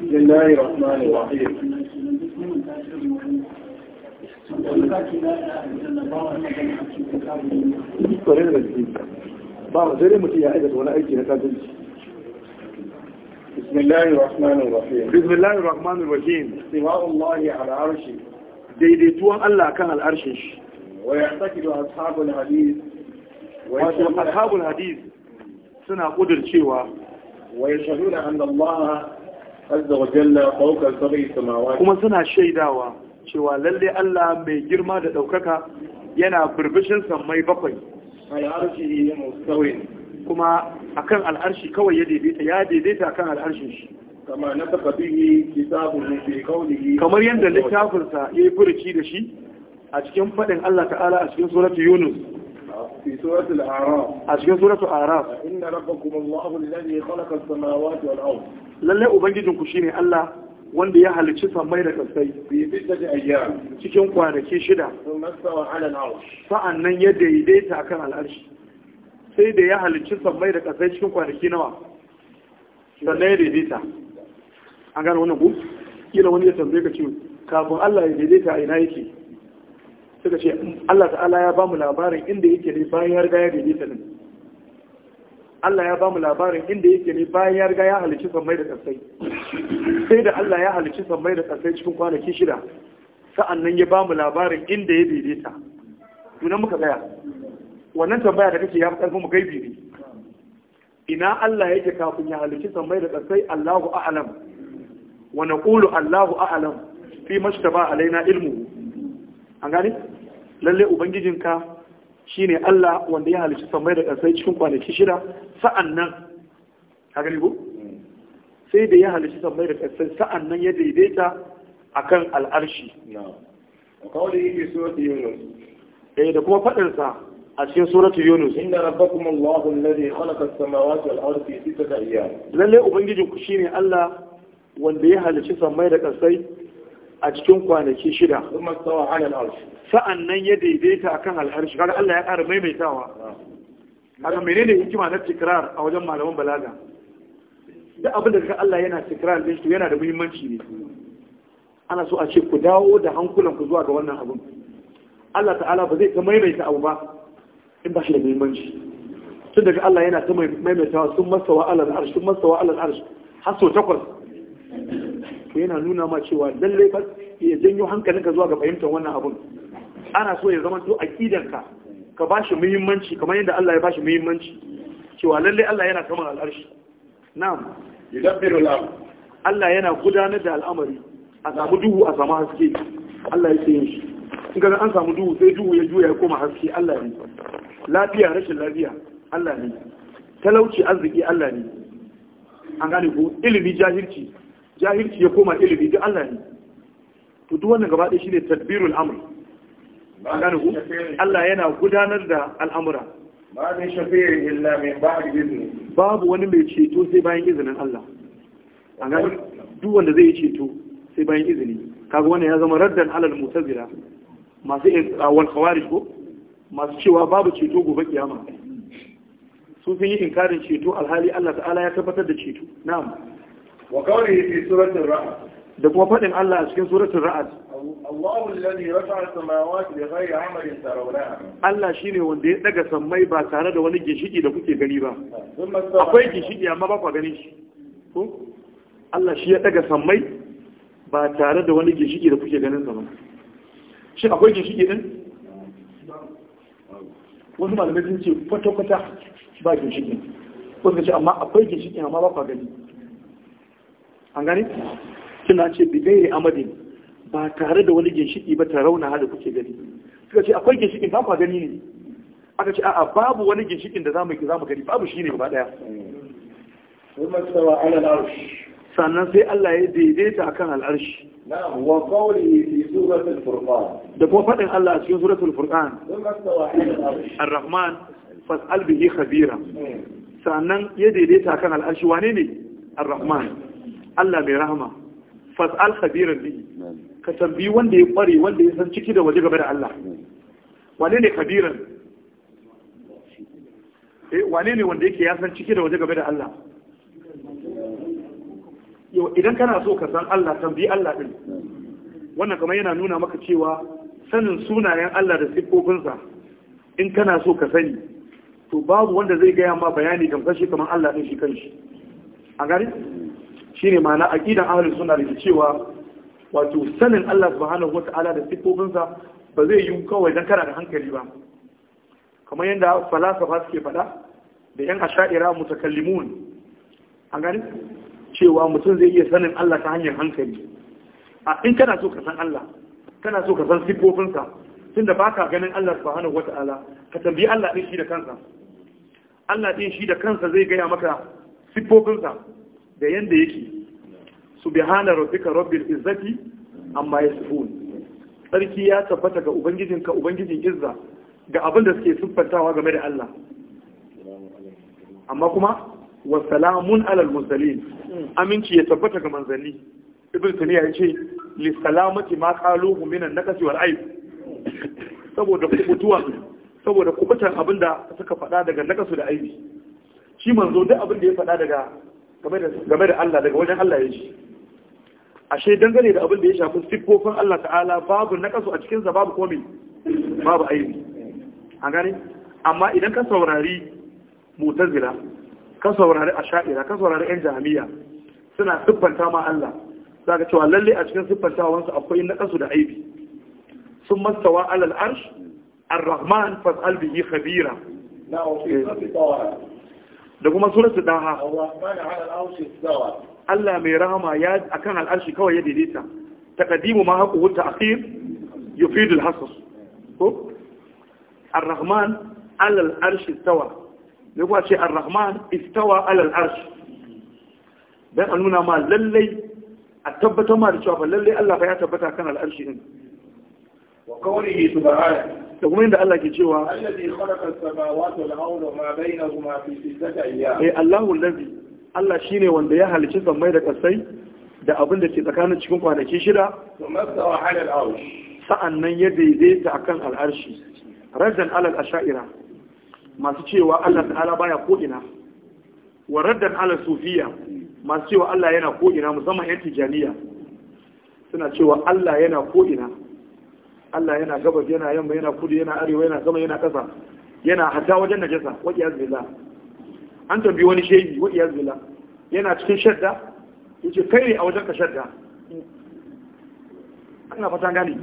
بسم الله الرحمن الرحيم kwarar da ba mutum aiki na بسم الله الرحمن الرحيم بسم الله الرحمن الرحيم استواء الله على عرشه daidaituwan Allah kan al'arshin shi wa ya'taqidu ashabul hadith wa ashabul hadith suna kudircewa wa yashhaduna azza wa jalla samawati kuma suna shaidawa cewa lalle Allah mai girma da daukaka yana burbushin samai bakwai arshi kuma akan al'arshi kawai ya daidaita ya daidaita akan al'arshin shi kama na bihi kitabun fi qawlihi kamar yadda littafin sa yayi furuci da shi a cikin fadin Allah ta'ala a cikin suratu Yunus في سورة الأعراف أشكال سورة الأعراف إن ربكم الله الذي خلق السماوات والأرض lallai ubangijinku shine Allah wanda ya halicci samai da kasai cikin kwanaki shida sa'an nan ya daidaita akan al'arshi sai da ya halicci samai da kasai cikin kwanaki nawa sannan ya daidaita an gano wannan ku kila wani ya tambaye ka ce kafin Allah ya daidaita a ina yake suka ce Allah ta'ala ya ba mu labarin inda yake ne bayan ya riga ya daidaita din Allah ya bamu labarin inda yake ne bayan ya riga ya halicci sammai da ƙasai sai da Allah ya halicci sammai da ƙasai cikin kwanaki shida sa'annan ya bamu labarin inda ya daidaita tunan muka tsaya wannan tambaya da kake ya fi ƙarfin mu gaibi ne ina Allah yake kafin ya halicci sammai da ƙasai Allahu a'lam wa naqulu Allahu a'lam fi mashtaba alaina ilmu an gane lalle ubangijinka shine Allah wanda ya halicci samai da ƙasai cikin kwanaki shida sa'an nan ka gani ko sai da ya halicci sammai da ƙasai sa'an nan ya daidaita akan al'arshi eh, da kuma faɗinsa a cikin suratu yunus inna rabbakum allahu alladhi khalaqa as-samawati wal arda fi sittati ayyam lalle ubangijinku shine Allah wanda ya halicci samai da ƙasai a cikin kwanaki shida sa'an nan ya daidaita a kan alharshi kaga Allah ya ƙara maimaitawa haka menene hikima na tikrar a wajen malaman balaga da abin da kaga Allah yana tikrar din shi yana da muhimmanci ne ana so a ce ku dawo da hankulan ku zuwa ga wannan abin Allah ta'ala ba zai ta maimaita abu ba in ba shi da muhimmanci tun daga Allah yana ta maimaitawa sun masa wa alal arsh sun masa wa alal arsh har sau takwas to yana nuna ma cewa lallai fa ya janyo hankalinka zuwa ga fahimtar wannan abun ana so ya zama to akidanka ka bashi muhimmanci kamar yadda Allah ya bashi muhimmanci cewa lallai Allah yana kama al'arshi na'am yudabbiru al'amr Allah yana gudanar da al'amari a samu duhu a samu haske Allah ya sayin shi in ga an samu duhu sai duhu ya juya ya koma haske Allah ne lafiya rashin lafiya Allah ne talauci arziki Allah ne an gane ko ilimi jahilci jahilci ya koma ilimi ga Allah ne to duk wannan gaba ɗaya shine tadbirul amr gane ku Allah yana gudanar da al'amura ba shafi'i illa min ba'di izni babu wani mai ceto sai bayan izinin Allah an gane duk wanda zai ceto sai bayan izini kaga wannan ya zama raddan alal mutazila masu wal khawarij ko masu cewa babu ceto gobe kiyama sun yi inkarin ceto alhali Allah ta'ala ya tabbatar da ceto na'am da kuma fadin Allah a cikin suratul Ra'ad. Allahu alladhi rafa'a samawati bi ghayri 'amalin tarawnaha Allah shine wanda ya daga sammai ba tare da wani gishiki da kuke gani ba akwai gishiki amma ba ku gani. shi ko Allah shi ya daga sammai ba tare da wani gishiki da kuke ganin sa ba shi akwai gishiki din wasu malamai sun ce kwata-kwata ba ginshikin wasu ce amma akwai gishiki amma ba kwa gani an gane suna ce bigairi amadin ba tare da wani ginshiki ba ta rauna da kuke gani suka ce akwai ginshikin ba kwa gani ne aka ce a'a babu wani ginshikin da zamu ki zamu gani babu shine gaba daya sannan sai Allah ya daidaita akan al'arshi wa qawlihi fi furqan da kuma fadin Allah a cikin suratul furqan ar-rahman fas'al bihi khabira hmm. sannan ya daidaita akan al'arshi wane ne ar-rahman Allah mai rahama fas'al khabiran bihi ka tambayi wanda ya kware wanda ya san ciki da waje game da Allah wane ne khabiran eh wane ne wanda yake ya san ciki da waje game da Allah yo idan kana so ka san Allah tambayi Allah din wannan kamar yana nuna maka cewa sanin sunayen Allah da siffofinsa in kana so ka sani to babu wanda zai gaya ma bayani gamsashi kamar Allah din shi kanshi a gari shine ma'ana aqidan ahalin sunna da cewa wato sanin Allah subhanahu wata'ala da sifofinsa ba zai yi kawai dan kana da hankali ba kamar yadda falasafa suke faɗa da yan asha'ira mutakallimun an gani cewa mutum zai iya sanin Allah ta hanyar hankali a in kana so ka san Allah kana so ka san sifofinsa tunda baka ganin Allah subhanahu wata'ala ka tambayi Allah din shi da kansa Allah din shi da kansa zai gaya maka siffofinsa da yanda yake Su subhana rabbika rabbil izzati amma yasifun sarki ya tabbata ga Ubangijin ka ubangijin izza ga abin da suke siffantawa game da Allah amma kuma wa salamun alal mursalin aminci ya tabbata ga manzanni ibn taniya ya ce li salamati ma qaluhu minan naqsi wal aib saboda kubutuwa saboda kubutan abinda suka faɗa daga nakasu da aibi shi manzo duk abin da ya faɗa daga game da Allah daga wajen Allah ya ji ashe dangane da abin da ya shafi siffofin Allah ta'ala babu nakasu a cikinsa babu komai babu aibi A gani? amma idan ka saurari mutazila ka saurari asha'ira ka saurari yan jami'a suna siffanta ma Allah za ka cewa lalle a cikin siffantawansu akwai nakasu da aibi sun mastawa alal arsh ar-rahman fas'al bihi khabira da kuma suratul daha ar-rahman ala al istawa Allah mai rahama ya akan al'arshi kawai ya daidaita taqdimu ma haquhu ta'khir yufidul hasr ko ar-rahman ala al-arshi istawa ne kuwa ce ar-rahman istawa ala al-arshi dan a nuna ma lallai a tabbatar ma da cewa fa lallai Allah fa ya tabbata kan al-arshi din wa qawlihi subhanahu da kuma inda Allah ke cewa allazi khalaqa as-samawati wal arda wa ma bainahuma fi sittati ayyam eh Allahu allazi Allah shi ne wanda ya halici sammai da kasai da abin da ke tsakanin cikin kwanaki shida sa'an nan ya daidaita a kan al'arshi rajan alal asha'ira masu cewa Allah ta'ala baya ko'ina wa raddan alal sufiya masu cewa Allah yana ko'ina musamman yan tijaniya suna cewa Allah yana ko'ina Allah yana gabas yana yamma yana kudu yana arewa yana sama yana ƙasa yana hata wajen najasa wajen yanzu an tambi wani shehi wa iyaz billah yana cikin shadda yace kai ne a wajen ka shadda ana fata gani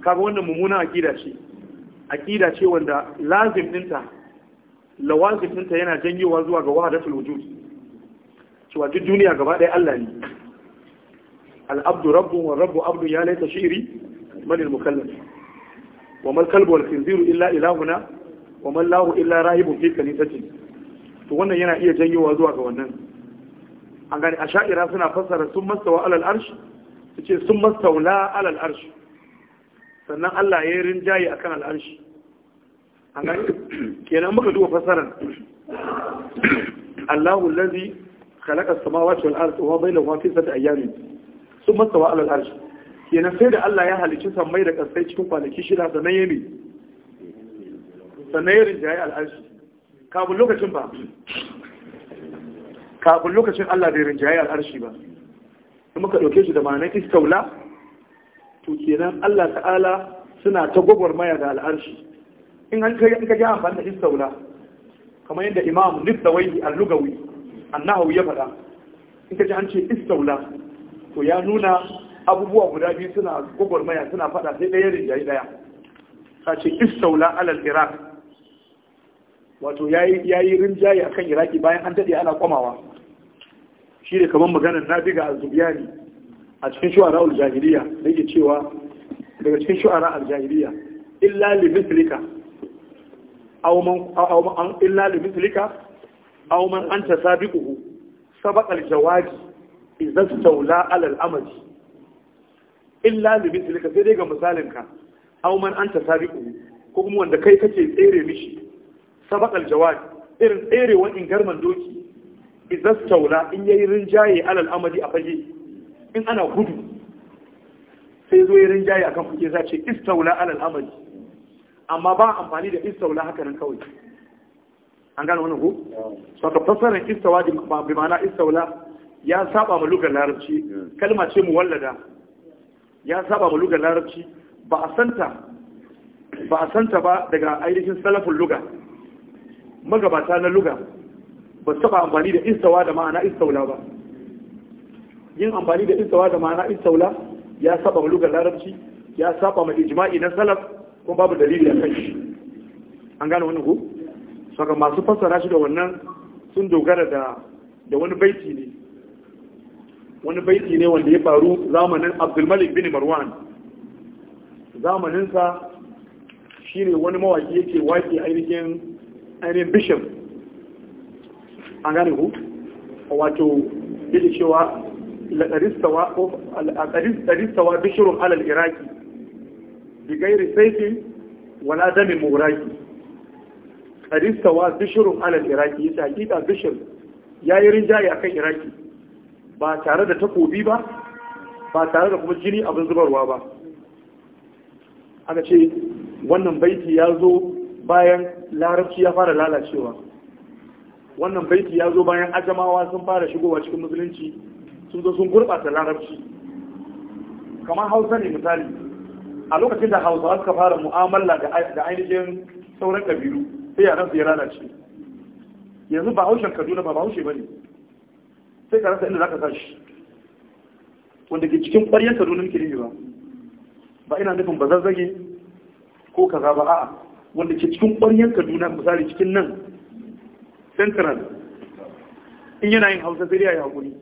kaga wannan mummunan akida ce akida ce wanda lazim dinta lawazim dinta yana janyowa zuwa ga wahdatul wujud cewa duk duniya gaba ɗaya Allah ne al-abdu rabbu wa rabbu abdu ya laita shiri man al-mukallaf wa mal kalbu wal khinziru illa ilahuna wa man lahu illa rahibun fi kanisatin to wannan yana iya janyowa zuwa ga wannan an gani a sha'ira suna fassara sun mastawa alal arshi su ce sun mastaula alal arshi sannan Allah ya yi rinjaye akan al arshi an gani kenan muka duba fassarar Allahu allazi khalaqa as-samawati wal ardi wa bainahuma fi sittati ayyamin sun mastawa alal arshi kenan sai da Allah ya halicci sammai da kasai cikin kwanaki shida sannan ya ne sannan ya rinjaye al arshi kafin lokacin ba kafin lokacin Allah bai rinjaye al'arshi ba in muka ɗauke shi da ma'anar istaula to kenan Allah ta'ala suna ta gwagwarmaya da al'arshi in an kai ka kaji amfani da istaula kamar yadda imam nifdawai al-lugawi annahu ya faɗa in ka an ce istaula to ya nuna abubuwa guda biyu suna gwagwarmaya suna faɗa sai ɗaya rinjaye ɗaya Ka ce istaula alal iraq wato ya yi rinjaye a kan iraki bayan an daɗe ana kwamawa shi ne kamar maganar nabiga al-zubiyani a cikin shu'ara al-jahiliya da yake cewa daga cikin shu'ara al-jahiliya illa li mislika aw man aw illa li mislika aw man anta sabiquhu sabaq al-jawaji idza stawla ala al-amali illa li mislika sai dai ga misalinka aw man anta sabiquhu ko kuma wanda kai kace tsere mishi sabaqal jawad irin tserewan ingarman doki idan taula in ya yi rinjaye alal amadi a fage in ana gudu sai zo yayi rinjaye kan fage za ce istaula alal amadi amma ba amfani da istaula haka nan kawai an gano wannan ko saka fasaran istawa bi ma'ana istaula ya saba ma lugar larabci kalma ce mu wallada ya saba ma lugar larabci ba a santa ba daga ainihin salafin lugar. magabata na luga ba su taba amfani da istawa da ma'ana istaula ba yin amfani da istawa da ma'ana istaula ya saba ma lugar larabci ya saba ma ijma'i na salaf kuma babu dalili a kan shi an gane wani ko saka masu fassara shi da wannan sun dogara da da wani baiti ne wani baiti ne wanda ya faru zamanin abdulmalik bin marwan zamaninsa shi ne wani mawaki yake wake ainihin an bishop an gane ku wato yake cewa laƙaristawa bishirun alal iraki bi gairi saifin wala damin muraki ƙaristawa bishirun alal iraki ya hakika bishir ya yi rinjaye a kan iraki ba tare da takobi ba ba tare da kuma jini abin zubarwa ba aka ce wannan baiti ya zo bayan larabci ya fara lalacewa wannan baiti ya zo bayan ajamawa sun fara shigowa cikin musulunci sun zo sun gurɓata larabci kamar hausa ne misali a lokacin da hausa suka fara mu'amala da ainihin sauran ƙabilu sai yaran su ya lalace yanzu ba haushen kaduna ba haushe ba ne sai ka rasa inda za ka sa shi wanda ke cikin ƙwaryar kaduna ke ba ba ina nufin ba zazzage ko kaza ba a'a wanda ke cikin ƙwaryen kaduna misali cikin nan central in yana yin hausa sai ya haƙuri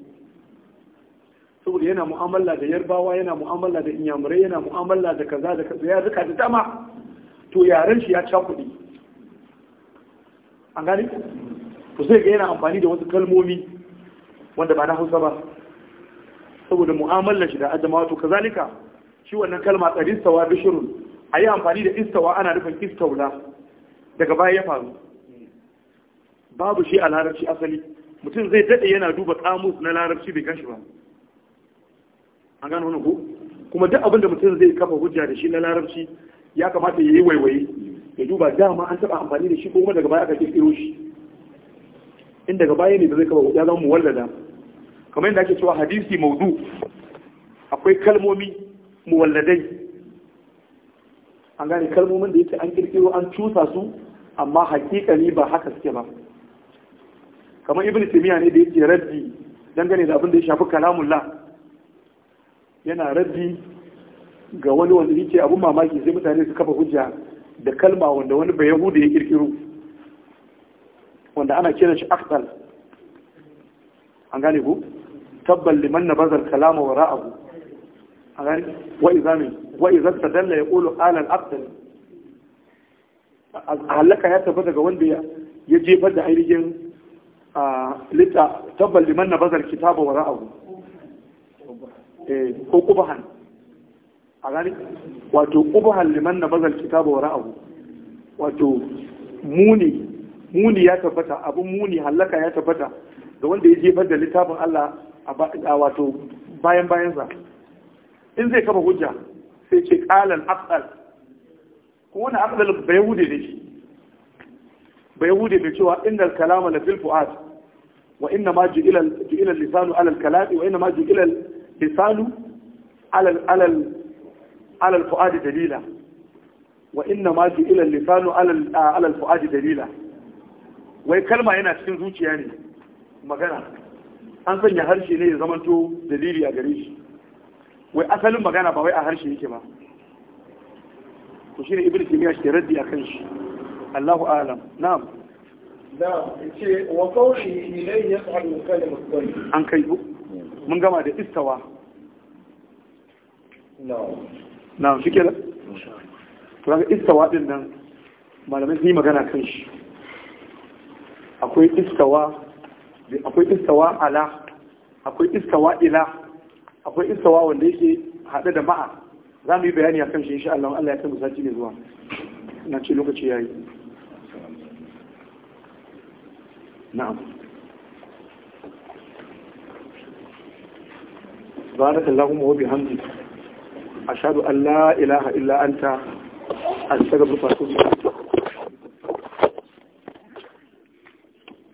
saboda yana mu'amala da yarbawa yana mu'amala da inyamurai yana mu'amala da kaza da kaza ya zuka da dama to yaren shi ya ca kuɗi. an gani to sai ga yana amfani da wasu kalmomi wanda ba na hausa ba saboda mu'amala shi da adamawa to kazalika shi wannan kalma tsarin sawa bishirun a yi amfani da istawa ana nufin istaula daga baya ya faru babu shi a larabci asali mutum zai daɗe yana duba kamus na larabci bai gashi ba an gano wani ku kuma duk abinda mutum zai kafa hujja da shi na larabci ya kamata ya yi waiwaye ya duba dama an taɓa amfani da shi ko kuma daga baya aka kirkiro shi in daga baya ne da zai kafa hujja zan mu wallada kamar yadda ake cewa hadisi maudu akwai kalmomi muwalladai an gane kalmomin da yake an kirkiro an cusa su amma hakikani ba haka suke ba kamar ibn timiya ne da yake raddi dangane da abin da ya shafi kalamullah yana rabbi ga wani wanda yake abin mamaki sai mutane su kafa hujja da kalma wanda wani bai da ya kirkiro wanda ana kiran shi akdal an gane ku tabbal liman bazar kalama abu. a gani wa izamin wa izan ta dalla ya ƙolo alal abdal halaka eh, ya tabbata ga wanda ya jefar da ainihin litta tabbal liman na bazar kitaba wa ra'ahu ko kubahan a gani wato kubahan liman na bazar kitaba wa ra'ahu wato muni muni ya tabbata abin muni halaka ya tabbata da wanda ya jefar da littafin Allah a wato bayan bayansa in zai kafa hujja sai ce ƙalan afdal ko wani afdal bai hude da shi bai hude da cewa innal kalama la fil fuad wa inna ma ju'ila ju'ila lisanu ala al kalami wa inna ma ju'ila lisanu ala ala ala al fuadi dalila wa inna ma ju'ila lisanu ala ala al fuadi dalila wai kalma yana cikin zuciya ne magana an sanya harshe ne ya zamanto dalili a gare shi wai asalin magana ba wai a harshe yake ba to shine ibnu timiya shi raddi akan shi Allahu a'lam na'am da ce wa qawli ilayhi yas'alu kalimat tayyib an kai mun gama da istawa na'am na'am shikenan to ga istawa din nan malamai sun yi magana kan shi akwai istawa akwai istawa ala akwai istawa ila akwai istawa wanda yake haɗe da ma'a za mu yi bayani a kan shi insha Allah Allah ya kai musati ne zuwa na ce lokaci yayi na'am سبحانك اللهم وبحمدك أشهد أن لا إله إلا أنت أستغفرك وأتوب إليك